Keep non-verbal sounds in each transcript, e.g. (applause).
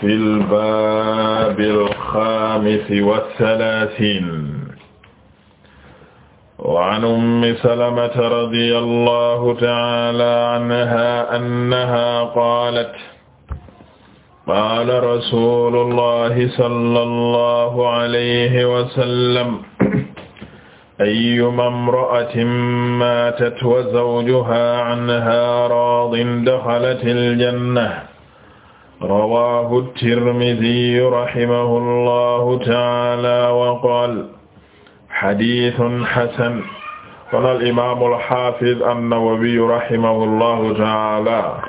fil baabil xaamisi wa salaasiin wa an ummi salamata radiyallahu ta'aala anhaa annahaa qaalat qaala rasuulullahi sallallahu alayhi wa sallam ayyumaa imra'atin maatat wa zawjuhaa anhaa raadin daxalatil janna rawaahu tirmidi rahimahu llahu taala wa qaala xadiisun xasan kon al imaamu alxaafiz annawawiyu rahimahu llahu taala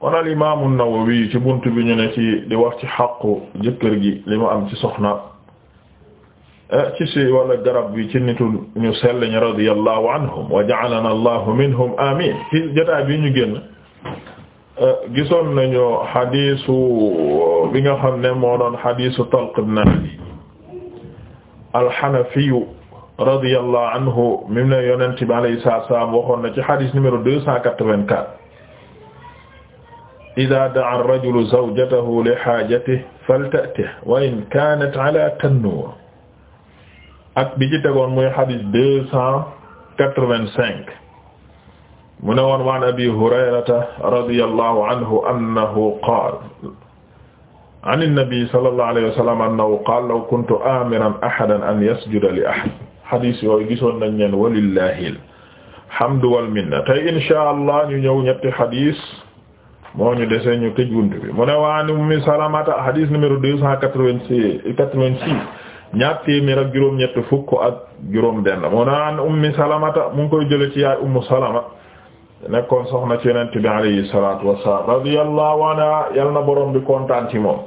kon al imaamu nawawiyu ci bunt bi ñu ne ci di wax ci xaqu jëkkër gi li mu am ci soxna eh, ci si wala garab bi ci nitu ñu sell ñi radiyallahu anhum wa ja'alana allahu minhum amiin ci jotaay bi ñu génn gisoon nañu xadiisu bi nga xam ne moo doon xadiisu Talq ibn Ali al-Hanafiyu radiyallahu anhu mim ne yonent bi alayhi salaatu wa salaam waxoon na ci xadiis numéro deux cent quatre-vingt-quatre idaa da'a ar-rajulu zawjatahu li haajatihi falta'tihi wa in kaanat alaa tannuur ak bi ci tegoon muy xadiis deux cent quatre-vingt-cinq mu ne woon waan abi hurayrata radiyallahu anhu annahu qaala an innabi sallallahu alayhi wa sallam annahu qaala law kuntu aamiran ahadan an yasjuda gisoon nañ leen walillahi alhamdu wal minna tey inshaa allah ñu ñëw ñetti hadis moo ñu dese ñu tëj bunt bi mu ne waan ummi salamata hadis numéro deux cent quatre mu ne an ummi salamata mu ngi koy jële ci yaay ummu salama nekkoon soxna ci yonent bi alayhi salaatu wassalaam radiyallahu anha yal na borom bi kontaan ci moom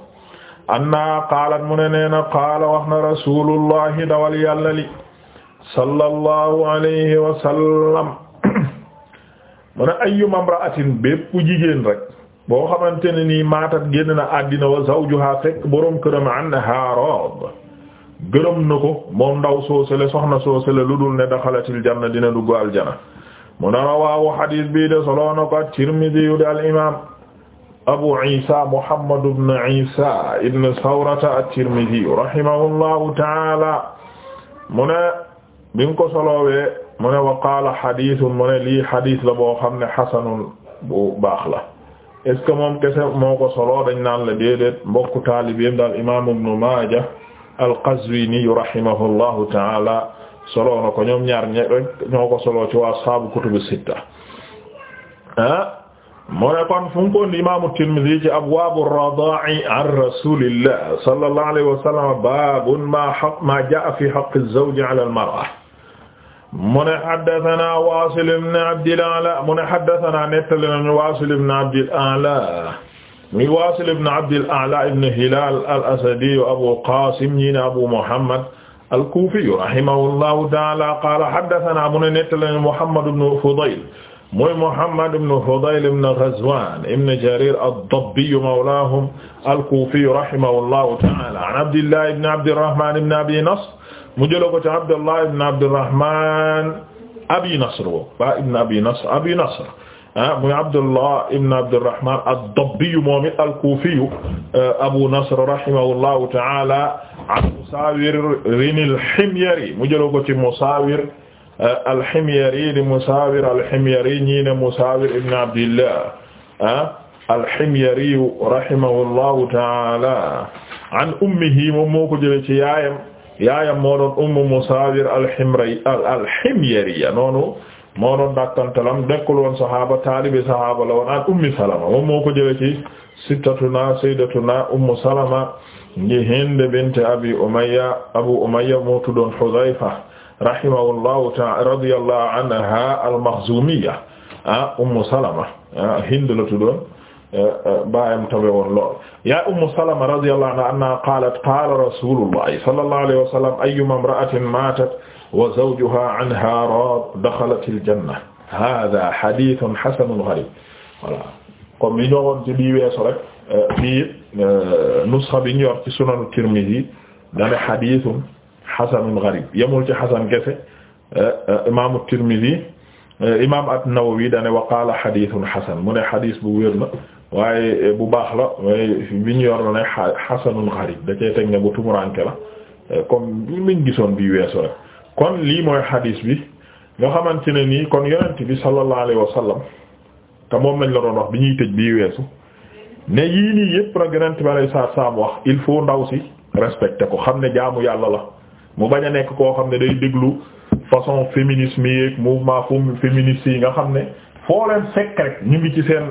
anna qaalat mu ne nee na qaala wax na rasulullahi dawal yàlla li sallallahu alayhi wa sallam mu ne ayyuma imra'atin bépp jigéen rek boo xamante ne nii maatat génn na àddina wa zawjuha fekk borom këram anha raad gërëm na ko moom ndaw soosele soxna soosele lu dul ne daxalatil janna dina dugg aljana mu ne rawaahu xadis bii de solo na ko at-Tirmidi yu daal imaam Abu Isa Muhammad ibn Isa ibn Sawrata at-Tirmidi rahimahullahu taala mu ne bi nga ko solowee mu ne wa qaala xadisun mu ne lii xadis la boo xam ne xasanun bu baax la est-ce que moom kese moo ko solo dañ naan la déedéet mbokku taalibeem daal imaam Ibn Maaja al-Qazwini rahimahullahu taala soloo na ko ñoom ñaar ñoo ko soloo ci waa saabu kutubu sitta ah mu ne kon fu mu ko indi imaamu Tirmidhi ci abwaabu radaa'i an rasuulillah sallallahu alayhi wa sallam baabun maa haqq maa jaa'a fi haqqi az-zawji 'ala al-mar'a mu ne haddathanaa Waasil ibn Abdil A'la mu ne haddathanaa nettali nañu Waasil ibn Abdil A'la mi Waasil ibn Abdil A'la ibn Hilaal al-Asadi wa Abu Qaasim ñi ne Abu Muhammad al-Kuufiyu rahimahullahu ta'aala qaala haddathanaa mu ne nettali Muhammad ibn Fudayl mooy Muhammad ibn Fudayl ibn Ghazwaan ibn Jariir ad-Dabbiyu mawlaahum al-Kuufiyu rahimahullahu ta'aala an Abdillah ibn Abdirrahmaan ibn Abi Nasr mu jëloon ko ci Abdallah ibn Abdirrahmaan Abi Nasr wa Ibn Abi Nasr Abi Nasr Ah, muy Abdullah ibn Abdurrahman ad-Dabbi moom it al-Kufi eh, Abu Nasr rahimahullahu ta'ala an Musawir al-Himyari mu jëloo ko ci Musawir eh, al-Himyari di Musawir al-Himyari ñii ne Musawir ibn Abdillah ah, al-Himyari rahimahullahu ta'ala an ummihi moom moo ko jëlee ci yaayam yaayam moo doon Ummu Musawir al-Himyari noonu moo doon dàkkantalam nekkul woon saxaaba taalibi saxaaba la woon an ummi salama moom moo ko jëlee ci sittatuna saydatuna ummu salama ngi hind bint abi umayya abu umayya moo tuddoon hudayfa rahimahullahu ta'ala radiyallahu anha al-makhzumiyya ah ummu salama ah hind la tuddoon eh, eh, baayam tabe woon lool ya ummu salama radiyallahu anha anna qaalat qaala rasulullahi sallallahu alayhi wa sallam ayyuma imra'atin maatat wa zawjuha anha raad daxalatil janna haaza hadiisun hasanun gariib voilà comme li ñu waxoon ci bii rek euh, euh, nusxa bi ñu yor ci sunanu Tirmidhi dana hadiisun hasanun gariib yemul ci hasan gese euh, imaamu Tirmidhi imaam an-Nawawi dana wa qaala hadiisun hasan mu ne hadiis bu wér la waaye bu baax la bi ñu yor la ne hasanun gariib bu tumuranke la comme li ñu gisoon bii weesu rek. kon lii mooy xadiis bi nga xamante ne nii kon yonent bi sallallahu alayhi wa te moom lañ la doon wax bi ñuy tëj bii weesu ne yii nii yëpp nag yonent bi alayhi salaatu salaam wax il faut ndaw si respecté ko xam ne jaamu yàlla la mu bañ a nekk koo xam ne day déglu façon féminisme yi ak mouvement féministe yi nga xam ne foo leen fekk ñu ngi ci seen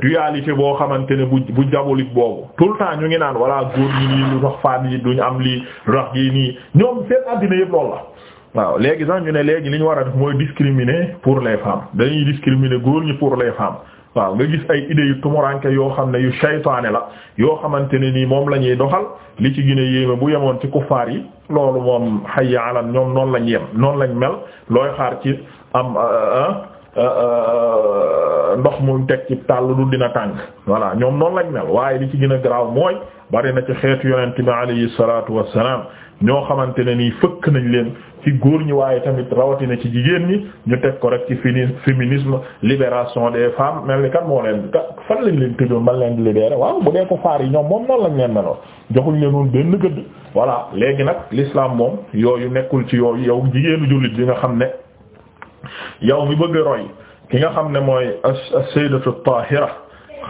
dualité boo xamante ne bu bu diabolique boobu tout le temps ñu ngi naan voilà góor ñi nii lu tax femme yi duñ am lii lu tax yi nii ñoom seen addina yëpp loolu la. waaw léegi sax ñu ne léegi li ñu war a def mooy discriminer pour les femmes dañuy discriminer góor ñi pour les femmes waaw nga gis ay idées yu tumuranke yoo xam ne yu saytaane la yoo xamante ne nii moom la ñuy doxal li ci gën a yéeme bu yemoon ci kuffaar yi loolu moom hayya alan ñoom noonu lañ yem noonu am euh, euh, euh, ndox mu teg ci tàll du dina tàng voilà ñoom noonu lañ mel waaye li ci gën a garaaw mooy bari na ci xeetu yonent bi alayhi salaatu wassalaam ñoo xamante ne nii fëkk nañ leen ci góor ñi waaye tamit rawatina ci jigéen ñi ñu teg ko rek ci féminisme libération des femmes mel ni kan moo leen fan lañ leen tëjoon man leen di libéré waaw bu dee ko faar yi ñoom moom noonu lañ leen meloon joxuñ leen benn gëdd voilà léegi nag l'islam moom yooyu nekkul ci yooyu yow jigéenu jullit bi nga xam ne yow mi bëgg roy ki nga xam ne mooy as-sayyidatu at-tahira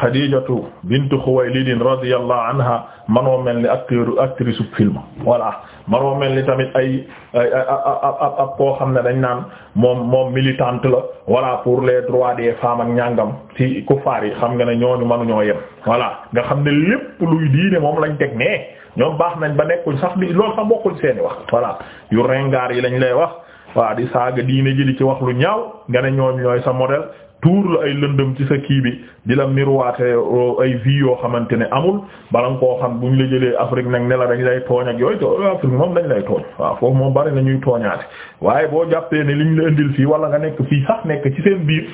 xadijatu bintu xuwaylidin radiyallahu anha manoo mel ni acteur actrice film voilà manoo mel ni tamit ay ab ab koo xam ne dañ naan moom moom militante la voilà pour les droits des femmes ak ñàngam ci kufaar yi xam nga ne ñooñu mënuñoo yem voilà nga xam ne lépp luy diine moom lañ teg nee ñoom baax nañ ba nekkuñ sax di loolu sax bokkul seeni wax voilà yu rengaar yi lañ lay wax waaw di saaga diine ji di ci wax lu ñaaw nga ne ñooñ ñooy sa modèle tuur la ay lëndëm ci sa kii bi di la miroite euh, ay vie yoo xamante ne amul bala nga koo xam bu ñu la jëlee Afrique nag ne la dañ lay tooñ ak yooyu te Afrique moom dañ lay tooñ waaw foofu moom bari na ñuy tooñaate waaye boo jàppee ne li ñu la indil fii wala nga nekk fii sax nekk ci seen biir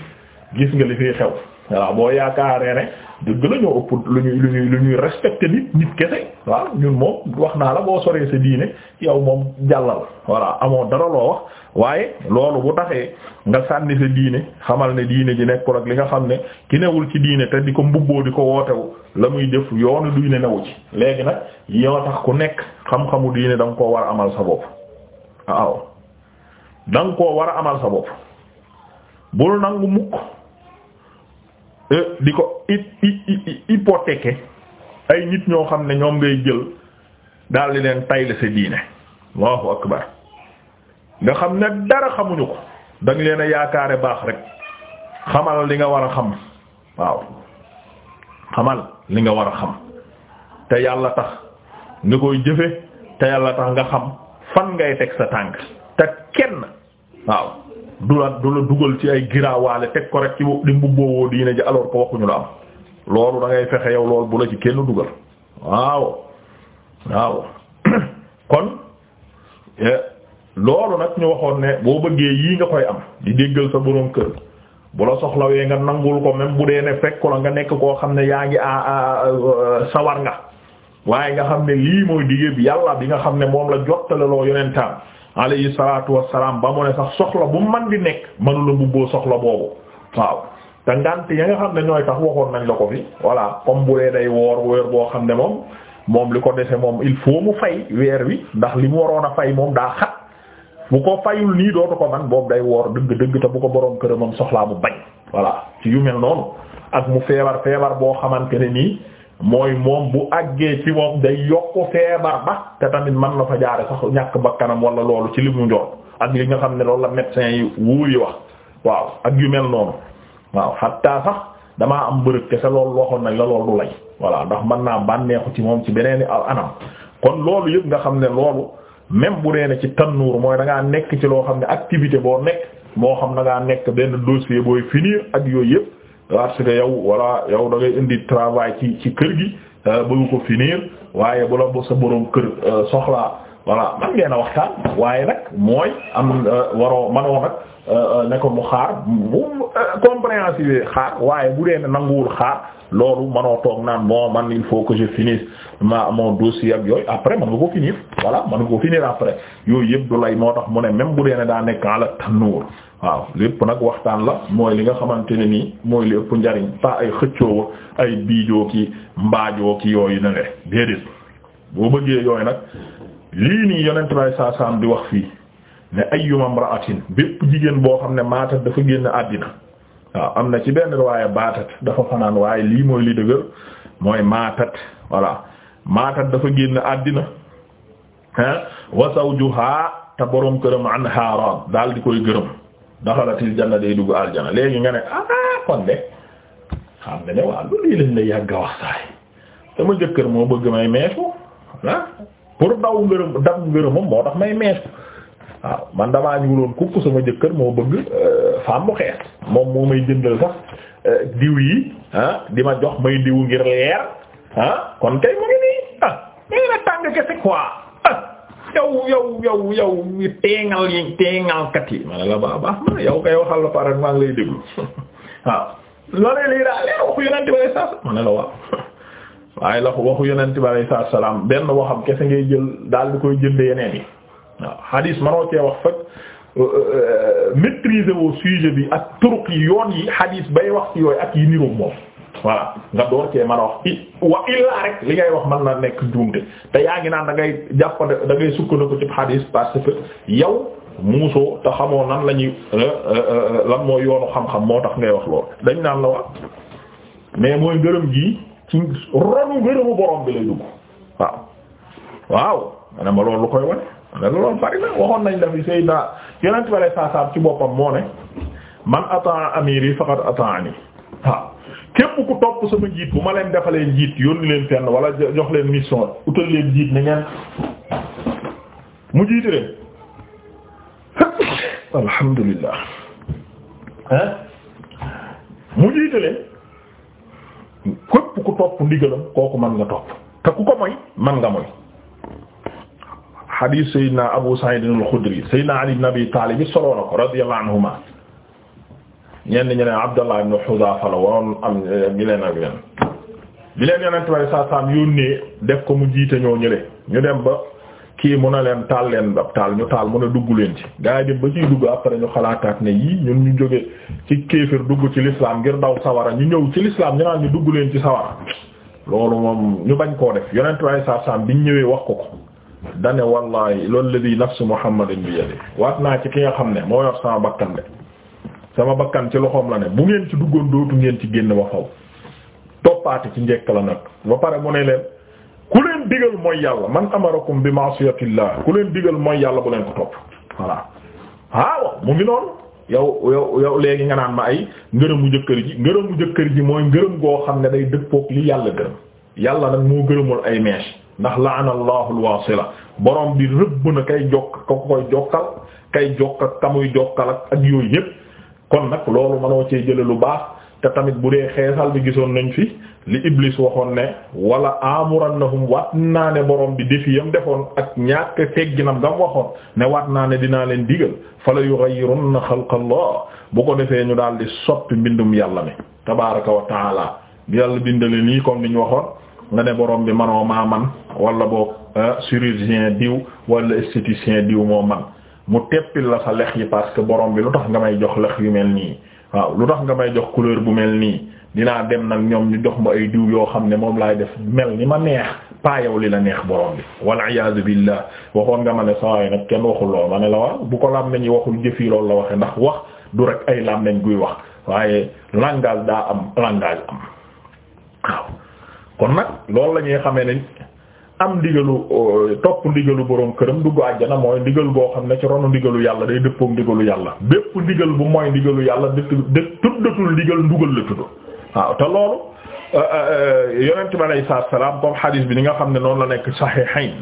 gis nga li fiy xew waaw boo yaakaaree ne dëgg la ëpp lu ñuy lu ñuy lu ñuy nit nit kese waaw ñun moom wax naa la boo soree sa diine yow moom jàllal voilà amoo dara loo wax waaye loolu bu taxee nga sànni sa diine xamal ne diine ji nekkul ak li nga xam ne ki newul ci diine te di ko mbubboo di ko wootewu la muy def yoonu diine newu ci léegi nag yoo tax ku nekk xam-xamu diine da koo war a amal sa bopp waaw da koo war a amal sa bopp bul nangu mukk Euh, di ko hypothéquer ay nit ñoo xam ne ñoom ngay jël daal di leen tayle sa diine allahu akbar nga xam ne dara xamuñu ko da leen a yaakaare baax rek xamal li nga war a xam waaw xamal li nga war a xam te yàlla tax nga koy jëfe te yàlla tax nga xam fan ngay teg sa tànk te kenn waaw du la du la dugal ci ay giraawaale teg ko rek ci di mbubboo diine ji alors que waxuñu la am loolu da fexe yow loolu bu la ci kenn dugal waaw waaw (coughs) kon e, loolu nag ñu waxoon ne boo bëggee yii nga koy am di déggal sa boroom kër bu la soxlawee nga nangul ko même bu dee ne fekk la nga nekk koo xam ne yaa ngi a sawar nga waaye nga xam ne lii mooy digée bi yàlla bi nga xam ne moom la jottale loo yonentaan alayhi salaatu wassalaam ba mu ne sax soxla bu man di nekk manula mbubboo soxla boobu waaw te ngànt ya nga xam ne ñooy tax waxoon nañ la ko fi voilà comme bu dee day woor weer boo xam ne moom moom li ko dese moom il faut mu fay weer wi ndax li mu waroon a fay moom daa xat bu ko fayul nii dootu ko man boobu day woor dëgg dëgg te bu ko boroom moom soxlaa mu bañ voilà ci yu mel noonu ak mu feebar feebar boo xamante ne nii mooy moom bu àggee ci moom day yokk feebar ba te tamit mën na fa jaare sax ñàkk bakkanam wala loolu ci li mu ak yi nga xam ne loolu la médecin yi wuur yi wax waaw ak yu mel noonu waaw xatta sax damaa am bërëb kese loolu loxo nañ la loolu lay voilà ndax man naa bànneexu ci moom ci beneen anam kon loolu yëpp nga xam ne loolu même bu dee ci tannuur mooy da nekk ci loo xam ne activité boo nekk moo xam na ngaa nekk benn dossier booy finir ak yooyu yëpp parce que yow voilà yow da indi travail ci ci kër gi euh, bëgg ko finir waaye bu la ba sa boroom kër euh, soxlaa voilà man ngeen a waxtaan waaye nag mooy am euh, waroo manoo nag ne ko mu xaar bu compréhensive xaar waaye bu dee nanguwul xaar loolu manoo toog naan bon man il faut que je finisse ma mon dossier ak yooyu après man nga ko finir voilà man nga ko finir après yooyu yëpp du lay moo tax mu ne même bu dee daa nekk ala tannuur waaw lépp nag waxtaan la mooy li nga xamante ne nii mooy li ëpp njariñ pas ay xëccoo ay biijoo ki mbaajoo ki yooyu na le déedéet boo bëggee yooyu nag lii nii yonent bay saasaam di wax fii ne ayyuma imra'atin bépp jigéen boo xam ne maatat dafa génn àddina waaw am na ci benn waaye baatat dafa fanaan waaye lii mooy li dëgër mooy maatat voilà maatat dafa génn àddina ah wa zawjuha te borom këram anha raad daal di koy gërëm daxalatil janna day dugg aljana léegi nga ne ah kon de xam nga ne waa lu lii lañ lay yàgg wax saay sama jëkkër moo bëgg may meesu ah pour daw ngërëm dam ngërëmam moo tax may meesu waaw man damaa ñuuloon kukk sama jëkkër moo bëgg euh, femme bu xees moom moo may jëndal sax euh, diw yi ah, di ma jox may diw ngir leer ah kon kay mu ngi nii ah mais tàng kese quoi ah yow yow yow yow teengal yi teengalkat yi ma la baa baax ma yow kay waxal la pare maa ngi lay déglu (laughs) waaw loolee lii daa leer eh, waxu yonent bi alayhi salaam ma ne (laughs) salaam benn waxam kese ngay jël daal di koy jënde yeneen yi waaw hadis manoo cee wax fekk euh, euh, maîtriser woo sujet bi ak turuq yi yoon yi hadis bay wax ci yooyu ak yi niroom moom voilà nga door cee mën a wax i wa illaa rek li ngay wax man na nekk njuumte te yaa ngi naan da ngay jàppande da ngay sukkandiku ci hadis parce que yow muusoo te xamoon nan la ñuy euh, euh, euh, lan moo yoonu xam-xam moo tax ngay wax lool dañ naan la wax mais mooy ngërëm gi ci ronu ngërëmu borom bi lay dugg waaw waaw ma ne ma loolu lu koy wane ma ne loolu bari waxoon nañ dafi Seydina yonent bi alayhi salaam ci boppam moo ne man ataa amiri faqad ataani waaw képp ku topp sama njiit bu ma leen defalee njiit yónni leen fenn wala jox leen mission utal leen njiit ni ngeen mu jiite leen (laughs) alhamdulillah hein mu jiite képp ku topp ndigalam kooku mën nga topp te ku ko moy man nga moy hadith sayyidina abu sa'id al-khudri sayyidina ali ibn abi talib solo anhuma ñenn ñu ne Abdallah ibn Hudhafa la woon am ñeneen ak ñeneen bi leen yonent bi saa saam yónnee def ko mu jiite ñoo ñële ñu dem ba kii mun a leen taal leen ab taal ñu taal mun a dugg leen ci gaa yi dem ba ciy dugg après ñu xalaataat ne yii ñun ñu jóge ci kéefir dugg ci l'islam ngir daw sawara ñu ñëw ci l'islam ñu naan ñu dugg leen ci sawara loolu moom ñu bañ koo def yonent bi saa saam biñ ñëwee wax ko ko dane wallahi loolu la di nafsu Muhammadin bi yadi naa ci ki nga xam ne moo yor sama bakkan de sama bakkan ci loxoom la ne bu ngeen ci duggoon dootu ngeen ci génn ba faw toppaate ci njekk la nag ba pare mu ne leen ku leen digal mooy yàlla man amarakum bi ma'siyatillah ku leen digal mooy yàlla bu leen ko topp voilà waaw mu ngi noonu yow yow yow léegi nga naan ma ay ngërëmu jëkkër ji ngërëmu jëkkër ji mooy ngërëm goo xam ne day dëppook li yàlla gërëm yàlla nag moo gërëmul ay mèche ndax la'ana allahul la borom bi rëbb na kay jokk ko koy jokkal kay jokk ak ak yooyu yépp kon nag loolu mënoo cee jële lu baax te tamit bu dee xeesal bi gisoon nañ fi li Iblis waxoon ne wala amurannahum waat naa ne borom bi defi yam defoon ak ñàkk tegginam gam waxoon ne waat naa ne dinaa leen digal fala yughayyirunna xalqallah bu ko defee ñu daal di soppi mbindum yàlla mi tabaaraka wa taala yàlla bindale nii comme ni ñu waxoon nga ne borom bi manoo maa man wala boog euh, chirurgien diw wala esthéticien diw moo man mu teppil la sa lex yi parce que borom bi lu tax nga may jox lex yu mel nii waaw lu tax nga may jox couleur bu mel nii dinaa dem nag ñoom ñu jox ma ay diw yoo xam ne moom laay def mel ni ma neex pas li la neex borom bi walla iyaazu billah waxoon nga ma ne saa yi nag kenn waxul lool ma ne la waaw bu ko làmmiñ yi waxul jëf yi loolu la waxe ndax wax du rek ay làmmiñ guy wax waaye langage daa am langage am waaw kon nag loolu la ñuy ne am ndigalu euh, topp ndigalu boroom këram dugg àjjana mooy ndigal boo xam ne ci ronu ndigalu yàlla day dëppook ndigalu yàlla bépp ndigal bu mooy ndigalu yàlla dë tuddatul ndigal ndugal la tudd waaw te loolu euh, euh, yonent bi alayhi salaatu salaam comme hadis bi ni nga xam ne noonu la nekk sahihayn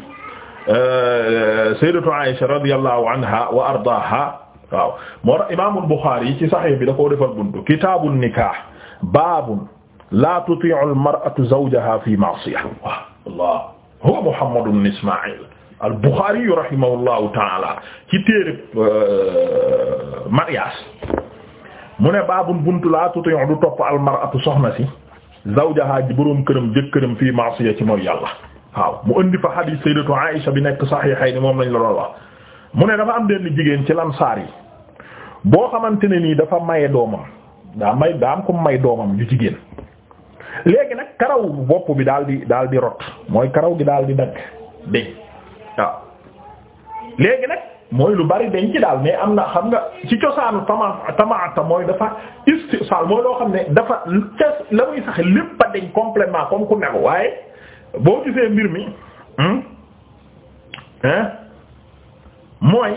sayyidatu Aisha radiyallahu anha wa ardaaha waaw moo tax imaamul Buxaari ci sahih bi da koo defal buntu kitaabun nikaah baabun laa tutii'u al-mar'atu zawjaha fi ma'siya waaw huwa Muhammad ibn Ismaïl al-Bukhari rahimahullahu taala ci téere euh, mariage mu ne baabun buntu laa tuti'u du topp al-mar'atu soxna si zawjaha ji boroom këram jëkkëram fii ma'siya ci mooy yàlla waaw mu indi fa hadith sayyidatu Aisha bi nekk sahihayn moom lañ la doon wax mu ne dafa am benn jigéen ci Ansaar yi boo xamante ne nii dafa maye doomam daa may daa am ko may doomam ju jigéen léegi nag karaw bopp bi daal di daal di rot mooy karaw gi daal di dagg deñ léegi nag mooy lu bari dañ ci daal mais am na xam nga ci cosaanu tama tamaata mooy dafa istisaal mooy loo xam ne dafa la muy sax lépp a deñ complètement comme ku nelu waaye boo gisee mbir mi hmm? mooy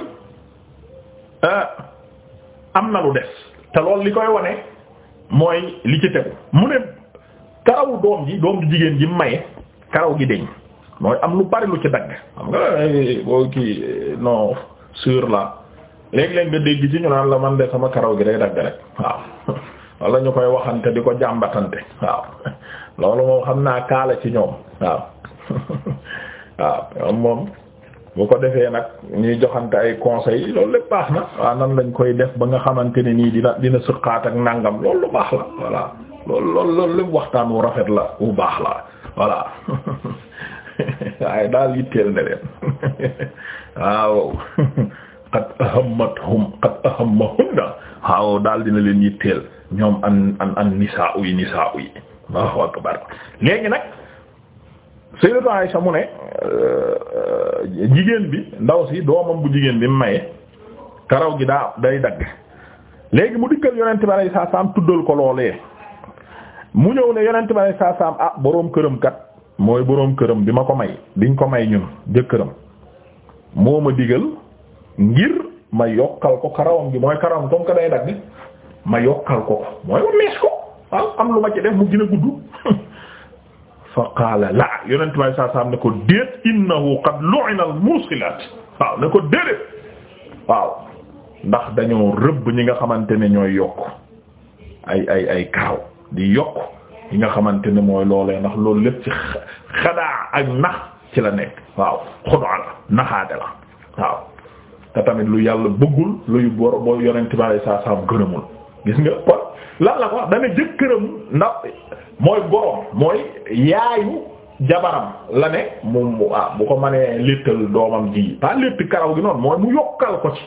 euh, am na lu des te loolu li koy wane mooy li ci tegu mu ne karaw doom ji doom ji jigéen ji maye karaw gi deñ mooy am lu bari lu ci dagg xam nga eh, boo kii eh, non sur la léeg-léeg nga dégg ci ñu naan la man de sama karaw gi day dagg rek waaw (laughs) wala ñu koy waxante di ko jàmbatante waaw (laughs) loolu moom xam naa kaala ci ñoom waaw (laughs) waaw moom bu ko defee nag ñuy joxante ay conseils loolu lépp baax na waaw nan lañ koy def ba nga xamante ne nii dina dina sëqaat ak nàngam loolu lu baax la voilà loolu lool loolu waxtaan wu rafet la wu baax la voilà (laughs) waaye daal yitteel ne leen (laughs) waaw qad ahammathum qad ahammahunna waaw daal dina leen yitteel ñoom an an an nisaa yi nisaa yi Allahu akbar léegi nag Sayyidatu Aisha mu ne euh, jigéen bi ndaw si doomam bu jigéen bi mu maye karaw gi daa day dagg léegi mu dikkal yonent bi alayhi salaam tuddal ko loolee mu ñëw ne yonent bi ay saa ah, boroom këram kat mooy boroom këram bi ma ko may diñ ko may ñun jëkkëram moo ma digal ngir ma yokkal ko karawam gi mooy karawam comme que day dagg ma yokkal ko mooy mees ko waaw am lu ma ci mu gën gudd (laughs) fa qaala la yonent bi ay ne ko déet innahu qad lu'ina al-musilat waaw ne ko déedéet waaw ndax dañoo rëbb ñi nga xamante ne ñooy yokk ay ay ay karaw di yokk yi nga xamante ne mooy loolee ndax loolu lépp ci xadaa ak nax ci la nekk waaw xudaa la naxaate la waaw te tamit lu yàlla bëggul luy bor boo yonent bari saa saam gërëmul gis nga ko lan la ko wax dana jëkkëram ndax mooy boroom mooy yaayu jabaram la ne moom mu ah bu ko mënee léttal doomam ji pas létt karaw gi noonu mooy mu yokkal ko ci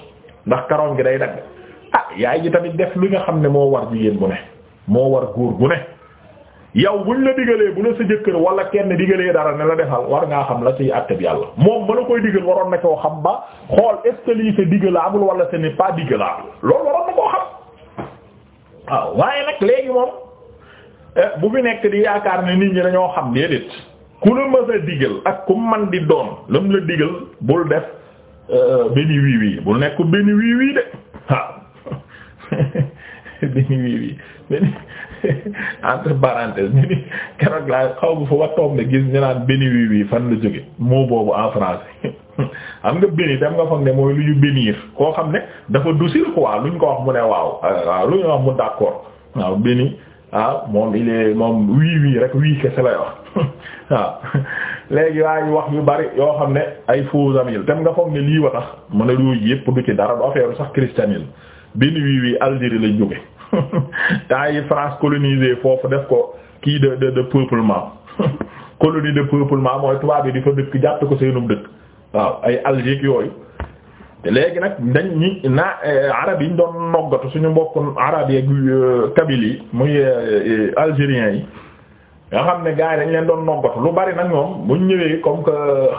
ndax karawam gi day dagg ah yaay ji tamit def li nga xam ne moo war jigéen bu ne moo war góor gu ne yow buñ la digalee bu la sa jëkkër wala kenn digalee dara ne la defal war ngaa xam la ci àtte bi yàlla moom ma la koy digal waroon na koo xam ba xool est-ce que lii c'est digalable wala ce n'est pas digalable loolu waroon na koo xam waaye nag léegi moom eh, bu fi nekk di yaakaar ne nit ñi dañoo xam déedéet ku la mës a digal ak ku man di doom la mu la digal bul def euh, benn wii wii bul nekk benn wii wii de waaw (laughs) benn wii wii benn (laughs) entre xaw bu fa wa toog fan la jóge moo boobu en français (laughs) xam dem nga foog ne mooy koo xam ne dafa dusir luñ ko wax mu waaw waaw lu ñu wax ah, moom il moom wii wii rek wii kese lay wax (laughs) waaw léegi waaye wax yu bari yoo xam ne ay faux zamil dem nga foog ne lii wa tax mën a yooyu yëpp du ci dara du affaire sax christianil benn wii wii Algérie lañ jóge temps (laughs) yi France colonisé foofu def ko kii de de de peuplement (laughs) colonie de peuplement mooy tubaab yi di fa dëkk jàpp ko seenum dëkk waaw ay Algérie léegi nag dañ ñi eh, arab yi ñu doon suñu mbokku arab yi ak kabil yi muy euh, euh, algériens yi nga xam ne gars yi dañ leen doon noggatu lu bari nag ñoom buñ ñëwee comme que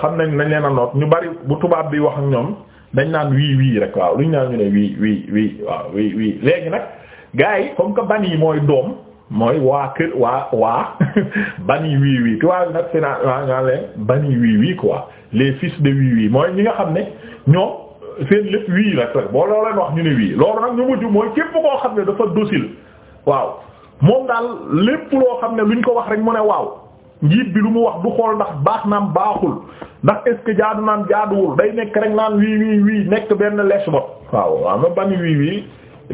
xam nañ nañ leen a noot ñu bari bu tubaab bi wax ak ñoom dañ naan wii wii rek luñ naan ñu ne wii wii wii wii wii léegi nag gars yi comme que ban yi mooy doom mooy waa kër waa waa (laughs) bani wii wii tubaab nag fi naa nga leen bani wii wii quoi les fils de wii wii mooy ñi nga xam ne ñoo seen lépp wii rek boo loo wax ñu ne wii loolu nag ñu mujj mooy képp koo xam ne dafa docile waaw moom daal lépp loo xam ne luñ ko wax rek mu ne waaw njiit bi lu mu wax du xool ndax baax naam baaxul ndax est ce que jaadu naam jaaduwul day nekk rek naan wii wii wii nekk benn lèche-bottes waaw waaw bani wii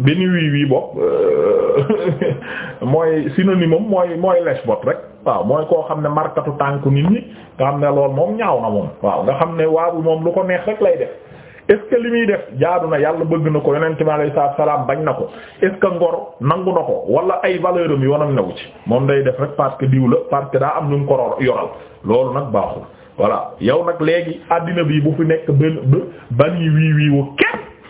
benn wii wii bopp euh, (laughs) mooy synonyme am mooy mooy lesbot rek waaw mooy koo xam ne markatu tànk nit ñi nga xam ne lool moom ñaaw na moom waaw nga xam ne waabu moom lu ko neex rek lay def est ce li muy def jaadu na yàlla bëgg na ko yonent ma alayhi salaam bañ na ko est ngoro que ngor nangu na ko wala ay valeur am yoonam newu ci moom day def rek parce que diw la parce daa am ñu ko yoral loolu nag baaxul voilà yow nag léegi àddina bi bu fi nekk benn ban yi wii wii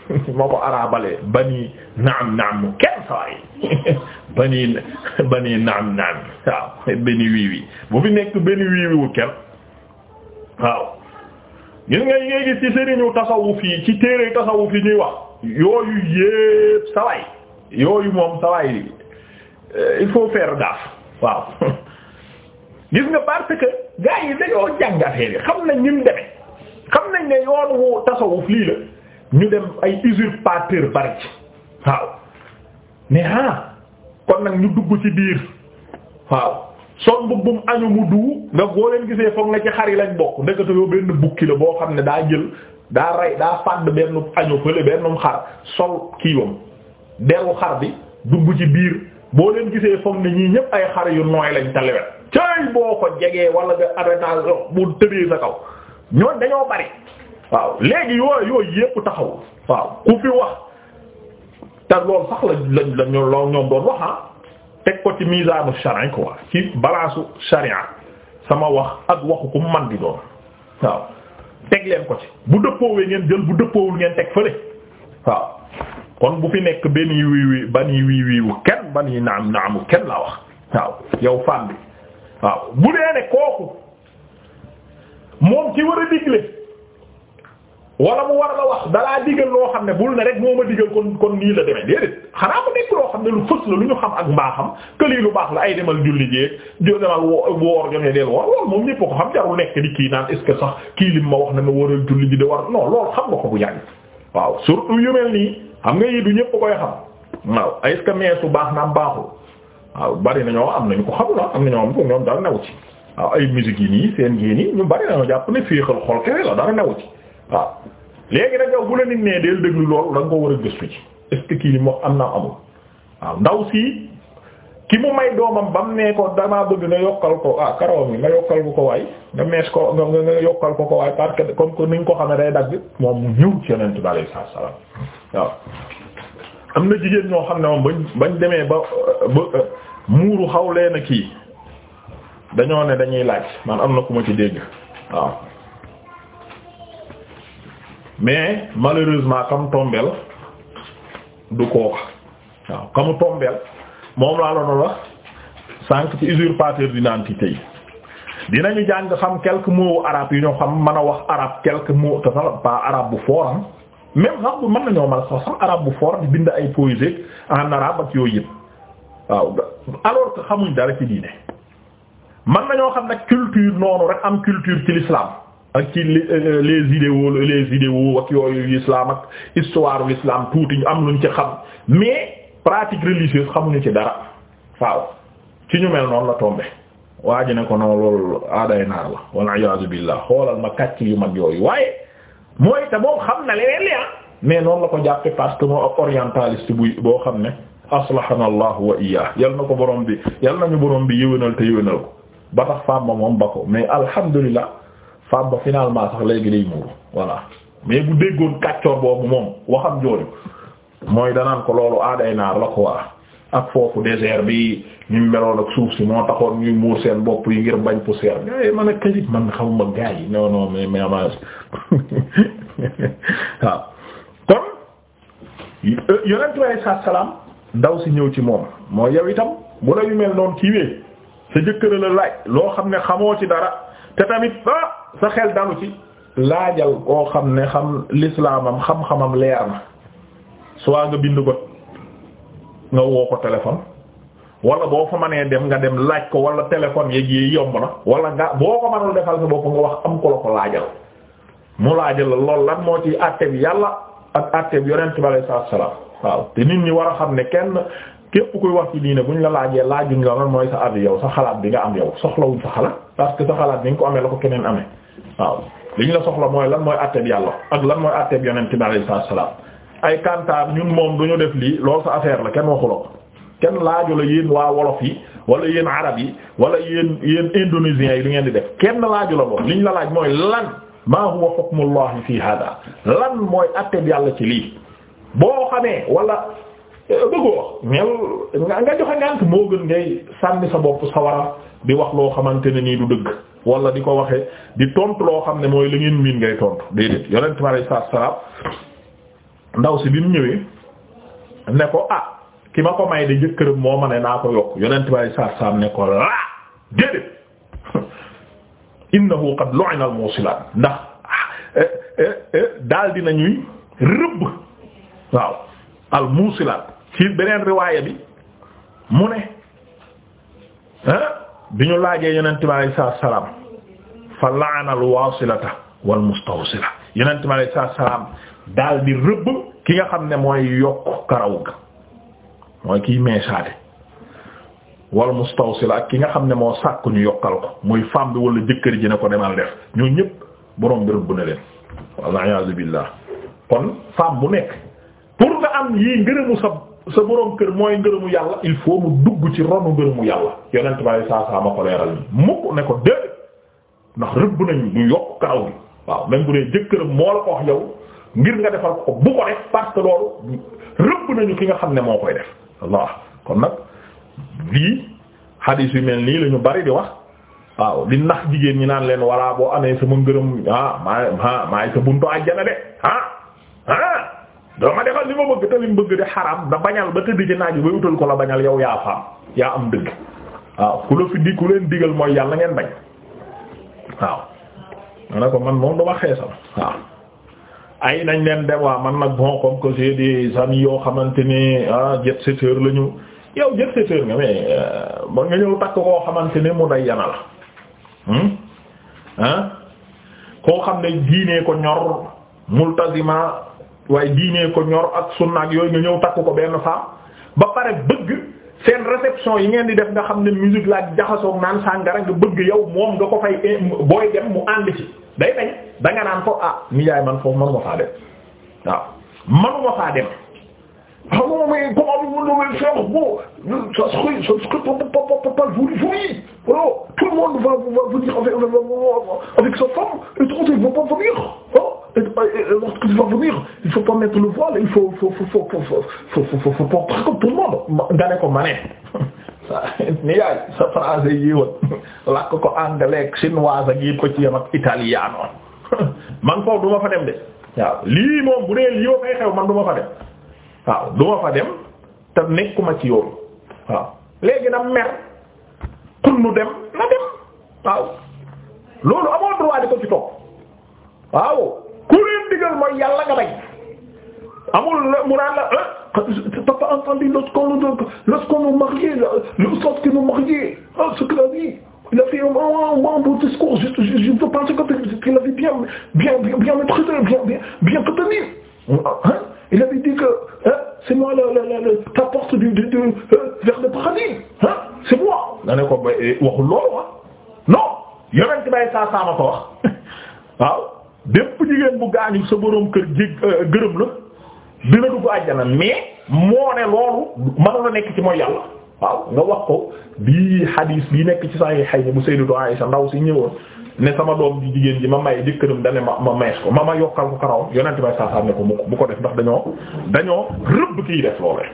(laughs) moo ko arabalee bani naam naam kenn saway (laughs) bani bani naam naam waaw bani wiiwi bu fi nekk bani wiiwi wu kenn waaw gis nga yi ngay gis ci sëriñu tasawuf yi ci téere tasawuf yi ñuy wax yooyu yépp saway yooyu moom saway euh, il faut faire gaffe waaw (laughs) gis nga parce que gars yi dañoo jàng affaire yi xam nañ ni mu demee xam nañ ne tasawuf lii la ñu dem ay usurpateur bari ci waaw ne ah kon nag ñu dugg ci biir waaw sol mbubbum añu mu duu nga boo leen gisee foog na ci xar yi lañ bokk ndekete yoo benn bukki la boo xam ne daa jël daa rey daa fàdd benn añu fële bennum xar sol kiiwam deru xar bi dugg ci biir boo leen gisee foog ne ñii ñëpp ay xar yu nooy lañ talewet cay boo ko jegee wala nga arrêtage bu tëbee sa kaw ñoon dañoo bari waaw léegi yooyu yooyu yépp taxawul waaw ku fi wax te loolu sax lañ lañ loolu ñoom doon wax ah teg ko ci misaanu charin quoi ci balaasu charia sama wax ak waxu ku man di doon waaw teg leen ko ci bu dëppoowee ngeen jël bu dëppoowul ngeen teg fële waaw kon bu fi nekk benn wii wii ban yi wii wiiwu kenn ban yi naam naamu kenn laa wax waaw yow fànn bi waaw bu dee kooku moom ci war a digle wala mu war la wax dalaa digal loo xam ne bul ne rek moo ma digal kon kon nii la demee déedéet xanaa mu nekk loo xam ne lu fës la lu ñu xam ak mbaaxam que lii lu baax la ay demal julli jeeg jo demal woor joxe deel woor loolu moom ñëpp ko xam jarul nekk di kii sax kii lim ma wax ne ma waral julli ji de war non loolu xam nga ko bu yàgg waaw surtout yu mel nii xam nga yi du ñëpp koy xam waaw est ce que meesu baax naam baaxul waaw bari na ñoo am nañu ko xamul ah, am na ñoo am ko ñoom dara new ci waaw ay musique yi nii seen génn ñu bari nañoo jàpp ne féexal xol kene ci waaw léegi nag bu la nit nee del déglu loolu da nga ko war a gëstu ci est kii li moo am na amul waaw ndaw si ki mu may doomam ba mu nee ko damaa bëgg nga yokkal ko ah karaw mi nga yokkal ko ko waay nga mees ko yokkal ko ko waay parce que comme que ni ñu ko xam ne day dagg moom mu ñëw ci yonent bi alayhi salaam waaw am na jigéen ñoo xam ne moom ba bañ demee ba ba muuru xaw leen a kii dañoo ne dañuy laaj man am na ku ma ci dégg waaw mais malheureusement kam tombeel du kooka waaw kamu tombeel moom laa la doon wax sànq ci usurpateur d'identité yi dinañu jàng xam quelques mots arabes yu ñoo xam mën a wax arabe quelques mots te sax pas bu fort même sax bu mën nañoo mën a sax arabe bu fort bind ay poésie en arabe ak yooyu yëpp waaw alors que xamuñ dara ci diine mën nañoo xam nag culture noonu rek am culture ci l'islam ak ci euh, euh, les idéaux les idéaux ak yooyu l'islam ak histoire l'islam tuuti ñu am luñ ci xam mais pratique religieuse xamuñu ci dara waaw ci ñu mel noonu la tombé waa ji ne ko non loolu aaday naar la wal iyaazu billah xoolal ma kàcc yu mag yooyu waaye mooy te moom xam na leneen li ah mais noon la ko jàppe parce que moo ak orientaliste buy boo xam ne aslahana allah wa iyyah yal na ko borom bi yal ñu borom bi yëwénal te yëwénal ko ba tax femme ba moom mais alhamdulillah femme ba finalement sax léegi lay muuru voilà mais bu déggoon kàccoor boobu moom waxam jooju mooy danaan ko loolu aaday naar la ko waa ak foofu désert bi ñu meloon ak suuf si moo taxoon ñuy muur seen bopp yi ngir bañ poussière bi eh, man a këjib man xamuma (laughs) kon yonent bi saa salaam daw si ñëw ci moom moo yow itam bu la mel noonu kiiwee sa jëkkër la laaj loo xam ne xamoo ci dara te tamit ah, sa xel dalu ci laajal koo xam ne xam lislaamam xam-xamam leer na soit nga bind ko nga woo ko téléphone wala boo fa mënee dem nga dem laaj ko wala téléphone yeeg yi yomb na wala nga boo ko mënul defal sa bopp nga wax am ko la ko laajal mu laajal la lool lan moo ci àtte bi yàlla ak àtte bi yonent bi alayhi waaw te nit ñi war a xam ne kenn képp kuy wax ci la laajee laajuñ la lan mooy sa avis yow sa xalaat bi nga am yow soxlawuñ sa xalaat parce que sa xalaat bi nga ko amee la ko keneen amee. waaw li ñu la soxla mooy lan mooy àtteeb yàlla ak lan mooy àtteeb yonent bi alayhi salaam ay kantaar ñun moom duñu def lii loolu sa affaire la kenn waxu la kenn laaju la yéen waa wolof yi wala yéen arab yi wala yéen yéen indonésiens yi du ngeen di def kenn laaju la lool liñ la laaj mooy lan maa huwa hukmullahi fi hada lan mooy àtteeb yàlla ci lii boo xamee wala eh, bëggoo wax ñel nga joxe ngànt moo gën ngay sànni sa bopp sa wara di wax loo xamante ne nii du dëgg wala di ko waxee di tontu loo xam ne mooy li ngeen miin ngay tontu déedéet yonent bi alayhi ndaw si bi mu ñëwee ne ko ah ki ma ko may de jëkkëram moo ma ne naa ko yokk yonent bi alayhi salaatu salaam ne ko laa déedéet (laughs) innahu qad lu'ina al-muusilaat ndax ah, eh, eh, eh, dal dina ñuy rëbb waaw al-muusilaat ci beneen riwaaya bi mu ne ah bi ñu laajee yonent bi alayhi salaam fa la'ana al-waasilata wal mustawsila yonent bi alayhi salaam daal di rëbb ki nga xam ne mooy yokk karaw ga mooy kiy meesaate wal mustawsila ak ki nga xam ne moo sàkk ñu yokkal ko muy femme bi wala jëkkër ji ne ko demal def ñoo ñëpp borom bi rëbb na leen wal a'yaazu billah kon femme bu nekk pour nga am yii ngërëmu sa sa borom kër mooy ngërëmu yàlla il faut mu dugg ci ronu ngërëmu yàlla yonent baay saa saa ma ko leeral ni mukk ne ko déedéet ndax rëbb nañ du yokk karaw gi waaw même bu dee jëkkëram moo la ko wax yow ngir nga defal ko bu ko def parce rëbb nañu ki nga xam ne moo koy def Allah kon nag lii hadis yu mel nii la ñu bari di wax waaw di nax jigéen ñi naan leen walla boo amee sama ngërëm ah maa maa ah, maay sa buntu àjjana de ah, ah. doo ma defal li ma bëgg te li bëgg di xaram da bañal ba tëdd ci naaj bi ba utal ko la bañal yow yaa faam yaa am dëgg waaw ku la fi di ku leen digal mooy yàlla ngeen bañ waaw ma ne ko man moom dama xeesal waaw ay nañ leen dem waa man nag bon comme que c'est des yoo xamante ni ah jet-setteurs lañu yaw jet-setteur nga mais euh, ba nga ñëw takk koo xamante ni mu day yana la hmm? ah koo xam ne diinee ko ñor multazima waaye diinee ko ñor ak sunna ak yooyu nga ñëw takk ko benn femme ba pare bëgg seen réception yi ngeen di def nga xam ne musique laa ak jaxasoo naan sàngara nga bëgg yow moom nga ko fay eh, booy dem mu ànd ci day bañ da naan ko ah nijaay man foofu manuma faa dem waaw manuma faa dem xam nga mooy comment vous voulez faire bon ça se ça se pas pas joli joli oh tout le monde va vous va vous dire avec sa femme et tout ça va pas venir il faut venir il faut pas mettre le voile il faut faut faut faut faut tout monde nga ne ko ma ne (laughs) ni yaay sa français yi woon làkk ko anglais ak chinois ak yëpp ko ci yam ak italiano (laughs) man foofu du fa dem de waaw lii moom bu dee yoo fay xew man du ma fa dem waaw du fa dem te nekkuma ci yoon waaw léegi na mer xunnu dem na dem waaw loolu amoo droit di ko ci topp waaw ku leen digal mooy yàlla nga bañ amul mu naan la ah pas entendu lorsqu'on lorsqu'on nous mariait lorsqu'on nous mariait ah ce que la vie il a fait un un beau discours je je je pense que qu'il avait bien bien bien bien bien bien bien contenu ah, hein il avait dit que hein c'est moi la la la la porte du du du euh, vers hein c'est moi. na ne ko eh, waxul loolu ah non yonent bay (laughs) bépp jigéen bu gaañu sa boroom kër jég euh, gërëb la dina dugg àjjana mais moo ne loolu mënula nekk ci mooy yàlla waaw nga wax ko bii hadis bii nekk ci sax Sahih bu Sayyidatu sa ndaw si ñëwoon ne sama doom jigéen ji ma may jëkkëram dane ma ma mees ko ma ma yokkal ko karaw yonent may saasaam ne ko mu bu ko def ndax dañoo dañoo rëbb kiy def loolee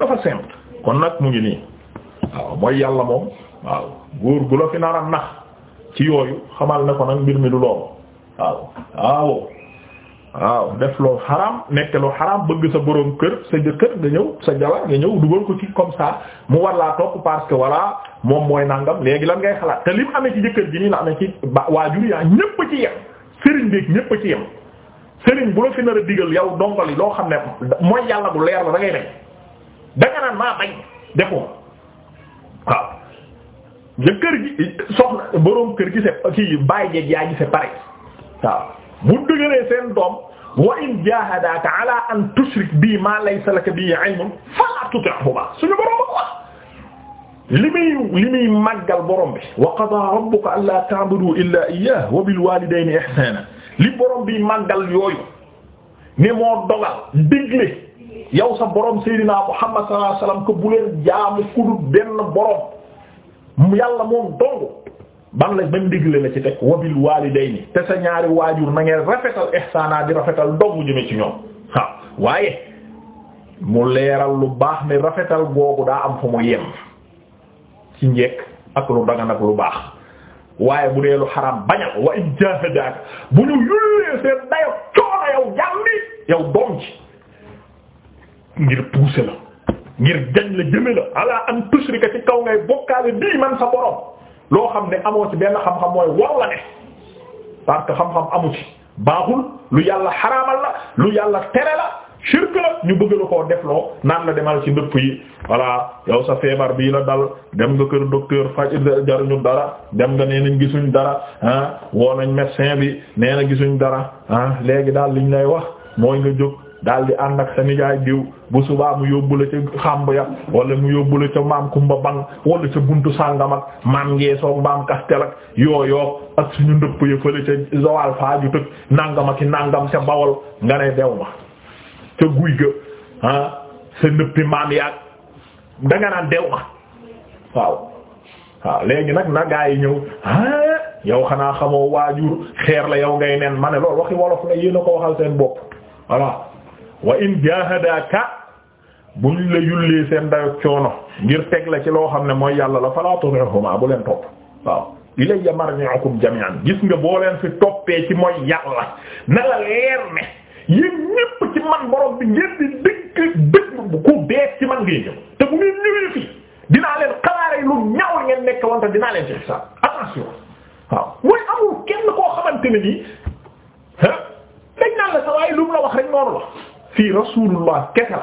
dafa simple kon nag mu ngi nii waaw mooy yàlla moom waaw góor gu la fi nar nax ci yooyu xamal ne ko nag mbir mi du loolu waaw waaw waaw def loo xaraam nekk loo xaraam bëgg sa boroom kër sa jëkkër nga ñëw sa jabar nga ñëw dugal ko ci comme ça mu war laa topp parce que voilà moom mooy nangam léegi lan ngay xalaat te lim amee ci jëkkër ji nii la amee ci ba waajur yaa ah, ñépp ci yem sëriñ beeg ñépp ci yem sëriñ bu la fi nar a digal yow dongal loo xam ne mooy yàlla bu leer la da ngay dem danga naan maa bañ defoo waaw jëkkër ji soxna boroom kër gi c'est kii bàyyi jeeg yaa gi c'est pareil waaw bu dëgëree seen doom wa in jahadaka ala an tushrik bi ma laysa laka bi ilmun fala tuti'huma suñu borom ko wax li muy li muy màggal borom bi wa qadaa rabbuka alla ta'budu illa iyyah wa bil walidayni ihsana li borom bi màggal yooyu ne moo dogal digle yow sa borom Seydina Muhammad sallallahu alayhi wasallam ko bu leen jaamu ku dul benn borom yàlla moom dong ban lañ bañ digle la ci teg wabil walidayni te sa ñaari waajur na ngeen rafetal ihsaana di rafetal doggu jëme ci ñoom waaw waaye mu leeral lu baax ne rafetal boobu daa am fu mu yem ci njekk ak lu dagan lu baax waaye bu dee lu xaram bañal wa in jahadaaka bu ñu yullee seen dayo coono yow jàmbi yow doom ngir pousser la ngir jañ la jëme la ala an tushrika ci kaw ngay bokkaale bii man sa borom loo xam ne amoo ci benn xam-xam mooy war ne parce xam-xam amu ci baaxul lu yàlla xaraamal la lu yàlla tere la shirk la ñu bëgg la koo def loo naan la demal ci ndëpp yi voilà yow sa feebar bii la dal dem nga kër docteur faj jaruñu dara dem nga nee nañ gisuñ dara ah woo nañ médecin bi nee na gisuñ dara ah léegi daal liñ lay wax mooy nga jóg. daal di ànd ak sa nijaay diw bu subaa mu yóbbu la ca xàmb ya wala mu yóbbu la ca maam kumba bang wala ca buntu sàngam ak maam ngeesoog maam kastel ak yooyoo ak suñu ndëpp ya ca Zawal faaju tëg nangam ak nangam ca bawol nga ne dew ma ca guy ga ah sa ndëppi maam yaag da nga naan dew ma waaw waaw léegi nag na gaa yi ñëw ah yow xanaa xamoo waajur xeer la yow ngay nen ma ne loolu waxi wolof la yéen a ko waxal seen bopp wa in jahadaka buñ la yullee seen dayo coono ngir teg la ci loo xam ne mooy yàlla la fala tu'huma bu leen topp waaw ilayya marji'ukum jami'an gis nga boo leen fi toppee ci mooy yàlla na la leer ne ñépp ci man borom bi ngeen di dëkk dëkk ku dee ci man ngay ñëw te bu ngeen ñëwee fii dinaa leen xalaare lu ñaaw ngeen nekk wante dinaa leen ci xisaab attention waaw mooy amul kenn koo xamante ne nii dañ naan la sa lu mu la wax rek noonu la fii rasulullah kese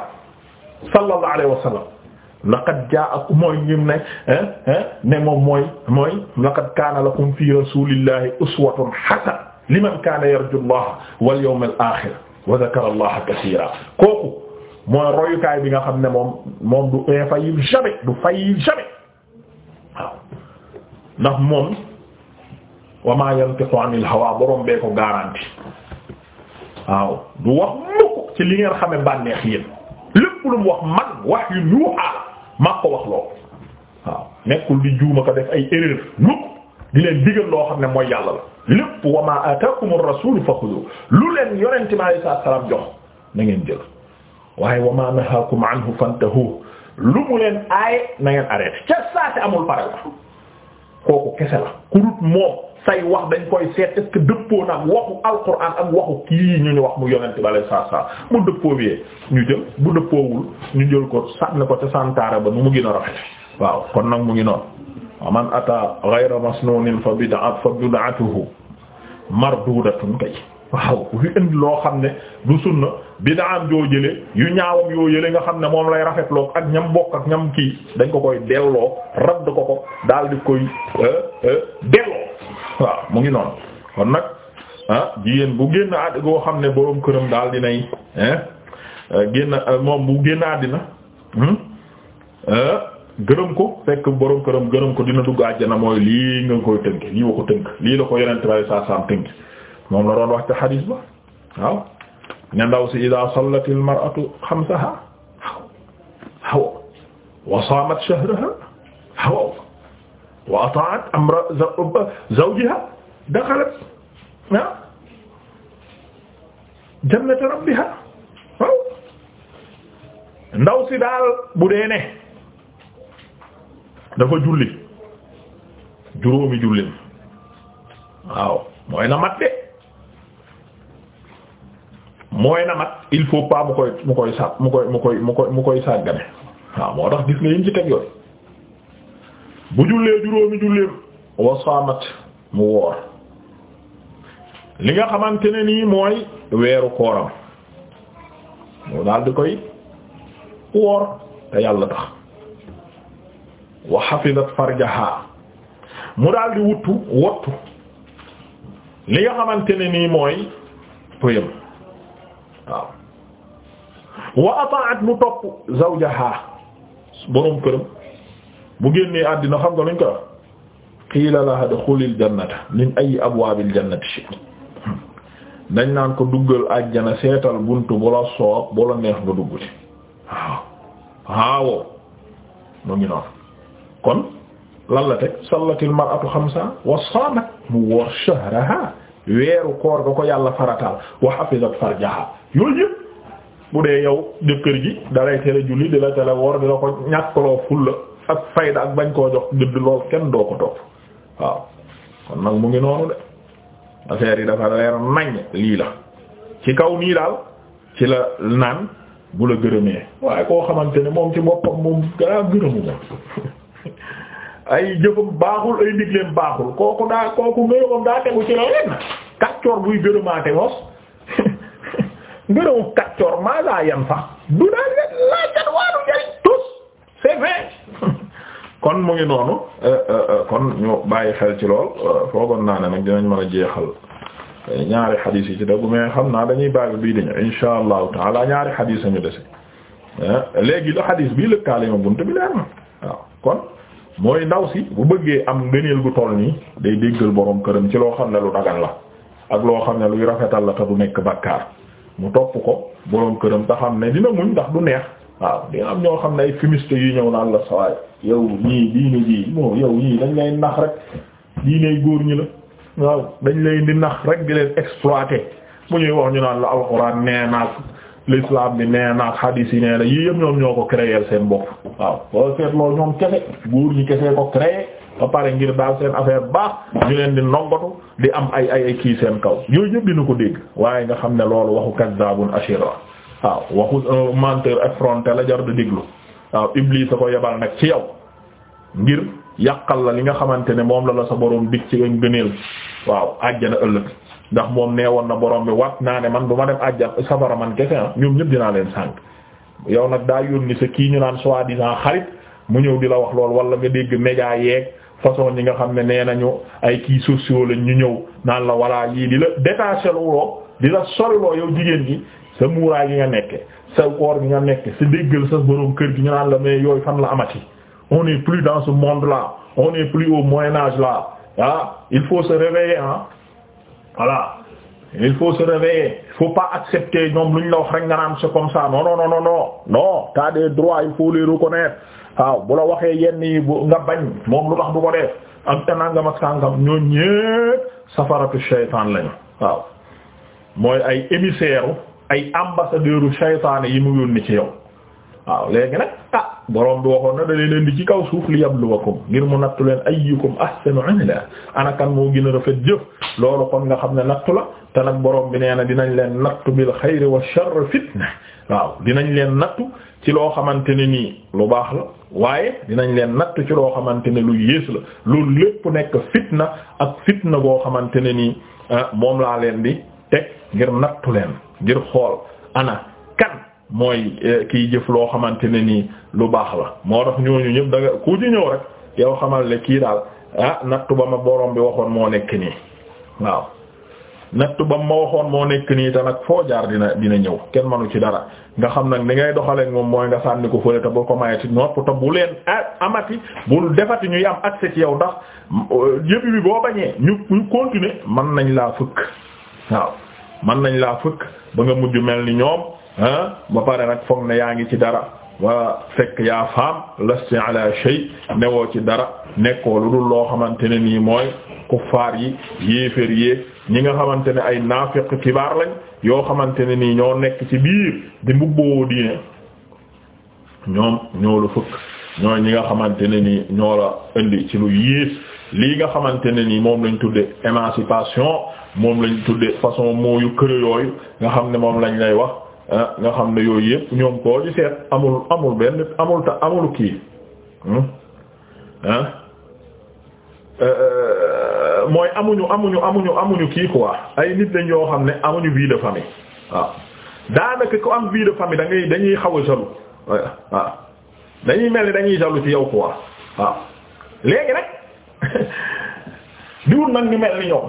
sallallahu alayhi wa sallam laqad jaa mooy ñim ne ne moom mooy mooy laqad kaana lakum fi rasulillahi uswatun hasana liman kaana yarju allah wal yawmal axir wa dhakara allaha kasiira kooku mooy royukaay bi nga xam ne moom moom du infaillible jamais du faillible jamais waaw ndax moom wa maa yantiqu anil hawaa borom bee ko garanti waaw du wax mukk ci li ngeen xame bànneex yéen lépp lu mu wax man wax yu yuuxaa maa ko wax loolu waaw nekkul di juuma ko def ay erreur mukk di leen digal loo xam ne mooy yàlla la lépp wa ma ataakum ar-rasul fakhudhu lu leen yonente bi alayhi salaam jox na ngeen jël waaye wa maa nahaakum anhu fantahu lu mu leen aaye na ngeen arrêté ca saa si amul pare kooku kese la ku moom say wax dañ koy seet est-ce que dëppoo na waxu alquran ak waxu kii ñu ñu wax mu yonent ba lay saa saa mu dëppoo bi ñu jël bu dëppoowul ñu jël ko sànni ko te santaare ba nu mu gën a rafet waaw kon nag mu ngi noon man ata ghayra masnunin fa bid'a fa bid'atuhu mardudatun kay waaw yu loo xam ne du sunna bid'aam joo jële yu ñaawam yoo jële nga xam ne moom lay rafetloo ak ñam bokk ak ñam kii dañ ko koy delloo radd ko ko daal di koy euh, euh, delloo waaw mu ngi noonu kon nag ah, jigéen bu génn àdd goo xam ne boroom këram daal di nay euh, génn moom bu génn àddina hmm, gërëm ko fekk borom këram gërëm ko dina dugg àjjana mooy lii nga koy tënk lii la ko yonent bi sallallahu alayhi wasallam tënk moom la doon wax ci xadiis ba waaw ne ndaw si ida sallat al mar'atu xamsaha waaw wa saamat shahraha waaw wa ata'at amra zawjiha daxalat jannata rabbiha waaw ndaw si daal bu dee ne dafa julli juróomi julli waaw mooy na mat de mooy na mat il faut pas mu koy mu koy mu koy mu koy mu koy sàggane waaw moo tax gis nga yim ci teg yooyu bu jullee juróomi julleem wasaamat mu woor li nga xamante ne nii mooy weeru kooram mu daal di koy woor te yàlla tax wa hafizat farjaha mu daal wuttu wottu li nga xamante ne nii mooy pëyam waaw wa ata'at mu topp zawjaha boroom këram bu génnee àddina xam nga luñ ko qiila laha dukhulil jannata min ay abwaabil jannati shi'ti dañ naan ko duggal àjjana seetal buntu bu la soob bu la neex nga dugg ci waaw waaw mu ngi noonu kon lan la teg sallatil mar'atu xamsa wa saamat mu woor shahraha weeru koor ga ko yàlla farataal wa hafizat farjaha yooyu yëpp bu dee yow jëkkër gi dalay tere julli di la tere woor di la ko ñàkkloo fulla ak fayda ak bañ koo jox gëdd lool kenn doo ko topp waaw kon nag mu ngi noonu de affaire yi dafa leer nañ lii la ci kaw nii daal ci la naan bu la gërëmee waaye koo xamante ne moom ci boppam moom gënaa gërëmu moom (laughs) ay jëfam baaxul ay ndigleem baaxul kooku daa kooku ngërëmam daa tegu ci la lenn kaccoor buy gërëmaate mos (laughs) ngërëmu kaccoor maa laa yem sax du daa leen laa jan waanu njariñ tous c'est (laughs) kon mu ngi noonu euh, euh, euh, kon ñu bàyyi xel ci lool foogoon naa ne nag dinañ mën a jeexal ñaari xadiis yi ci dëggu mais xam naa dañuy bàyyi bii di ñu insha allahu taala ñaari xadiis ñu dese léegi la xadiis bii lëkkaale ma bunt bi leer na waaw kon mooy ndaw si bu bëggee am ngëneel bu toll nii day déggal boroom këram ci loo xam ne lu dagal la ak loo xam ne luy rafetal la te du nekk bakkaar mu topp ko boroom këram te xam ne dina muñ ndax du neex waaw dina am ñoo xam ne ay fumiste yu ñëw naan la sawaay yow ñii diine ji bon yow ñii dañ lay nax rek diiney góor ñi la waaw dañ lay di nax rek di leen exploiter mu ñuy wax ñu naan la alxuraan nee naa l'islam bi nee na ak hadis yi na yii yëpp ñoom ñoo ko créer seen bopp waaw loolu seet loolu ñoom kese góor ñi kese ko créer ba pare ngir daal seen affaire baax ñu leen di nongatu di am ay ay ay seen kaw yooyu yëpp dina ko dégg waaye nga xam ne loolu waxu kazzabun ashir la waaw waxu euh, menteur effronté la jar di déglu waaw Iblis a ko yebal nag ci yow ngir yàqal la li nga xamante ne moom la la sa boroom dig ci gëneel waaw àjjana ëllëg. ndax moom nee woon na borom bi wat naa ne man du ma dem àjjal safara man kese ñoom ñëpp dinaa leen sànq yow nag daa yónni sa kii ñu naan soi-disant xarit mu ñëw di la wax lool walla nga dégg média yeeg façon ñi nga xam ne nee nañu ay kii sociaux la ñu ñëw naan la wala yii di la détaché loo di la soriloo yow jigéen gi sa muuraay gi nga nekke sa koor gi nga nekke si déggal sa borom kër gi ñu naan la mais yooyu fan la amati on est plus dans ce monde là on est plus au moyen âge ah, voilà il faut se réveiller il faut pas accepter ñoom lu ñu la wax rek nga naan c'est comme ça non non non non non non t'as des il faut les reconnaître waaw bu la waxee yenn yi bu nga bañ moom lu tax du ko def ak tanangam ak sàngam ñoo ñépp safaratu shaytaan lañu waaw mooy ay émissaires ay ambassadeurs u yi mu yónni ci yow waaw léegi nag ah, borom bi waxoon na da leen di ci kaw suuf li ko ngir mu nattu leen ayyukum ahsanu amala ana moo gën a rafet jëf loolu kon nga xam ne nattu la te nag borom bi nee na dinañ leen nattu bil xayri wa sharri fitna waaw dinañ leen nattu ci loo xamante ne nii lu baax la waaye dinañ leen nattu ci loo xamante ne lu yées la loolu lépp nekk fitna ak fitna goo xamante ne nii ah, moom laa leen di teg ngir nattu leen ngir xool ana mooy eh, kiy jëf loo xamante ne nii lu baax la moo tax ñooñu ñëpp da nga ku ci ñëw rek yow xamal ne kii daal ah nattu ba ma borom bi waxoon moo nekk nii waaw nattu ba ma moo nekk nii te nag foo jaar dina dina ñëw kenn manu ci dara nga xam nag ni ngay doxalee moom mooy nga sànni ko fële te boo ko mayati nopp te bu leen ah, amati bul defati ñuy am accès ci yow ndax euh, yëpp bi boo bañee ñu ñu continuer mën nañ laa fëkk waaw mën nañ laa fëkk ba nga mujj mel ni ñoom. ba pare nag foog ne yaa ngi ci dara waa fekk yaa faam lasti ala shay newoo ci dara nekkoo lu dul loo xamante ne nii mooy kuffaar yi yéefér yi ñi nga xamante ne ay naafiq kibaar lañ yoo xamante ne nii ñoo nekk ci biir di mbubboo diine ñoo la fëkk ñi nga xamante ne nii ñoo indi ci lu yées lii nga xamante ne nii moom lañu tudde émancipation moom lañ tudde façon mooyu kër yooyu nga xam ne moom lañ lay wax Ah, nga xam ne yooyu yëpp ñoom koo ci seet amul amul benn amul ta amulu kii hmm? ah eh, eh, mooy amuñu amuñu amuñu amuñu kii quoi ay nit lañ yoo xam ne amuñu vie de famille waaw ah. daanaka ku am vie de famille da dañuy xaw a jaloux waaw ah. dañuy mel ni dañuy jaloux ci yow quoi waaw léegi nag liwut (laughs) nag ñu mel ni ñoom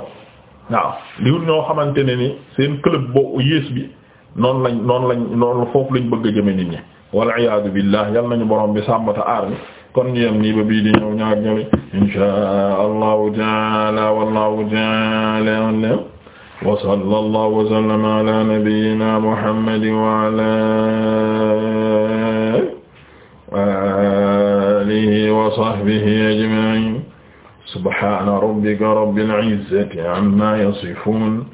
waaw liwut ñoo xamante ne ni seen club boo yées bi noonu lañ noonu lañ noonu foofu lañ bëgg a jëme nit ñi wal iyaadu billah yal nañu borom bi sàmmata aar mi kon ñu yem nii ba bii di ñëw ñaar ñëwi inshaa allahu taala wallahu taala alam wa sallallahu wa sallama ala nabiyyina muhammad wa ala alihi wa sahbihi ajma'in subhana rabbika rabbil izzati amma yasifun